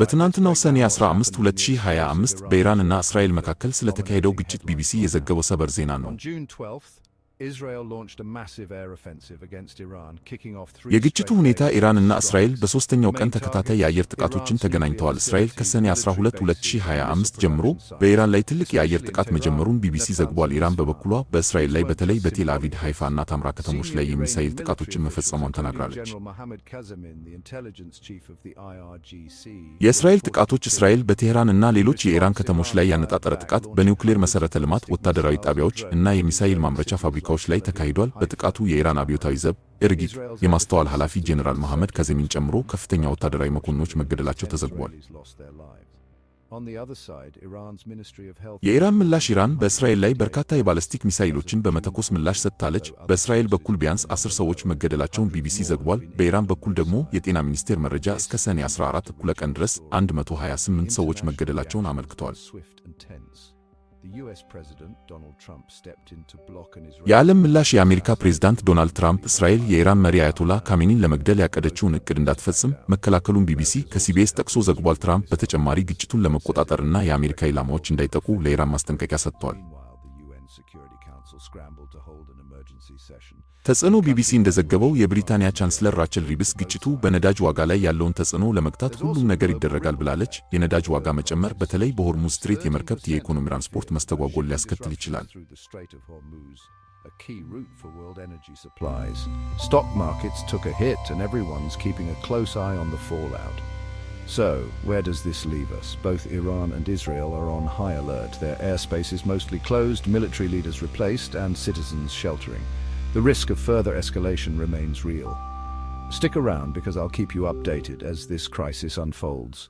በትናንትናው ሰኔ 15 2025 በኢራንና እስራኤል መካከል ስለተካሄደው ግጭት ቢቢሲ የዘገበው ሰበር ዜና ነው። የግጭቱ ሁኔታ ኢራንና እስራኤል በሦስተኛው ቀን ተከታታይ የአየር ጥቃቶችን ተገናኝተዋል። እስራኤል ከሰኔ 12 2025 ጀምሮ በኢራን ላይ ትልቅ የአየር ጥቃት መጀመሩን ቢቢሲ ዘግቧል። ኢራን በበኩሏ በእስራኤል ላይ በተለይ በቴል አቪድ፣ ሃይፋ እና ታምራ ከተሞች ላይ የሚሳይል ጥቃቶችን መፈጸሟን ተናግራለች። የእስራኤል ጥቃቶች እስራኤል በቴህራን እና ሌሎች የኢራን ከተሞች ላይ ያነጣጠረ ጥቃት በኒውክሌር መሠረተ ልማት፣ ወታደራዊ ጣቢያዎች እና የሚሳይል ማምረቻ ፋብሪካ ሻለቃዎች ላይ ተካሂዷል። በጥቃቱ የኢራን አብዮታዊ ዘብ እርጊት የማስተዋል ኃላፊ ጄኔራል መሐመድ ካዜሚን ጨምሮ ከፍተኛ ወታደራዊ መኮንኖች መገደላቸው ተዘግቧል። የኢራን ምላሽ ኢራን በእስራኤል ላይ በርካታ የባለስቲክ ሚሳይሎችን በመተኮስ ምላሽ ሰጥታለች። በእስራኤል በኩል ቢያንስ አስር ሰዎች መገደላቸውን ቢቢሲ ዘግቧል። በኢራን በኩል ደግሞ የጤና ሚኒስቴር መረጃ እስከ ሰኔ 14 እኩለ ቀን ድረስ 128 ሰዎች መገደላቸውን አመልክተዋል። የዓለም ምላሽ የአሜሪካ ፕሬዝዳንት ዶናልድ ትራምፕ እስራኤል የኢራን መሪ አያቶላ ካሚኒን ለመግደል ያቀደችውን እቅድ እንዳትፈጽም መከላከሉን ቢቢሲ ከሲቢኤስ ጠቅሶ ዘግቧል። ትራምፕ በተጨማሪ ግጭቱን ለመቆጣጠርና የአሜሪካ ኢላማዎች እንዳይጠቁ ለኢራን ማስጠንቀቂያ ሰጥቷል። ተጽዕኖ ቢቢሲ እንደዘገበው የብሪታንያ ቻንስለር ራቸል ሪብስ ግጭቱ በነዳጅ ዋጋ ላይ ያለውን ተጽዕኖ ለመግታት ሁሉም ነገር ይደረጋል ብላለች። የነዳጅ ዋጋ መጨመር በተለይ በሆርሙዝ ስትሬት የመርከብት የኢኮኖሚ ትራንስፖርት መስተጓጎል ሊያስከትል ይችላል። Stock markets took a hit and everyone's keeping a close eye on the fallout. So, where does this leave us? Both Iran and Israel are on high alert. Their airspace is mostly closed, military leaders replaced, and citizens sheltering. The risk of further escalation remains real. Stick around because I'll keep you updated as this crisis unfolds.